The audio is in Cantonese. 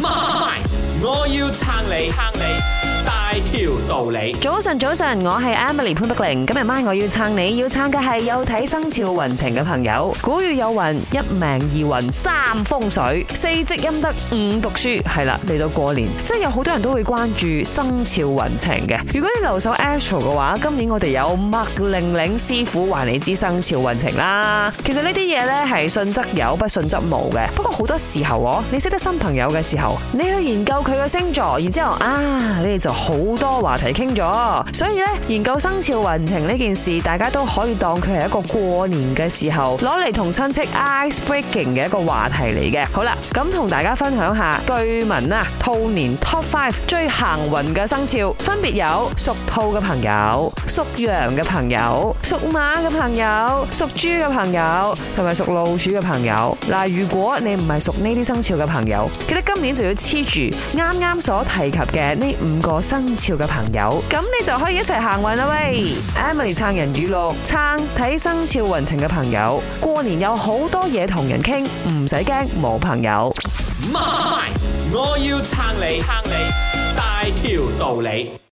MY，我要撐你，撐你。大條道理，早晨，早晨，我係 Emily 潘碧玲。今日晚我要撐你，要撐嘅係有睇生肖運程嘅朋友。古語有云：一命二運三風水，四積陰德五讀書。係啦，嚟到過年，即係有好多人都會關注生肖運程嘅。如果你留守 Astro 嘅話，今年我哋有麥玲玲師傅話你知生肖運程啦。其實呢啲嘢呢係信則有，不信則無嘅。不過好多時候，你識得新朋友嘅時候，你去研究佢嘅星座，然之後啊，你哋就，好多話題傾咗，所以咧研究生肖運程呢件事，大家都可以當佢係一個過年嘅時候攞嚟同親戚 ice breaking 嘅一個話題嚟嘅。好啦，咁同大家分享下據聞啊，兔年 top five 最行運嘅生肖，分別有屬兔嘅朋友、屬羊嘅朋友、屬馬嘅朋友、屬豬嘅朋友，同埋屬老鼠嘅朋友。嗱，如果你唔係屬呢啲生肖嘅朋友，記得今年就要黐住啱啱所提及嘅呢五個生肖嘅朋友，咁你就可以一齊行運啦喂！Emily 撐人語錄，撐睇生肖運程嘅朋友，過年有好多嘢同人傾，唔使驚冇朋友。MY！我要撐你，撐你大條道理。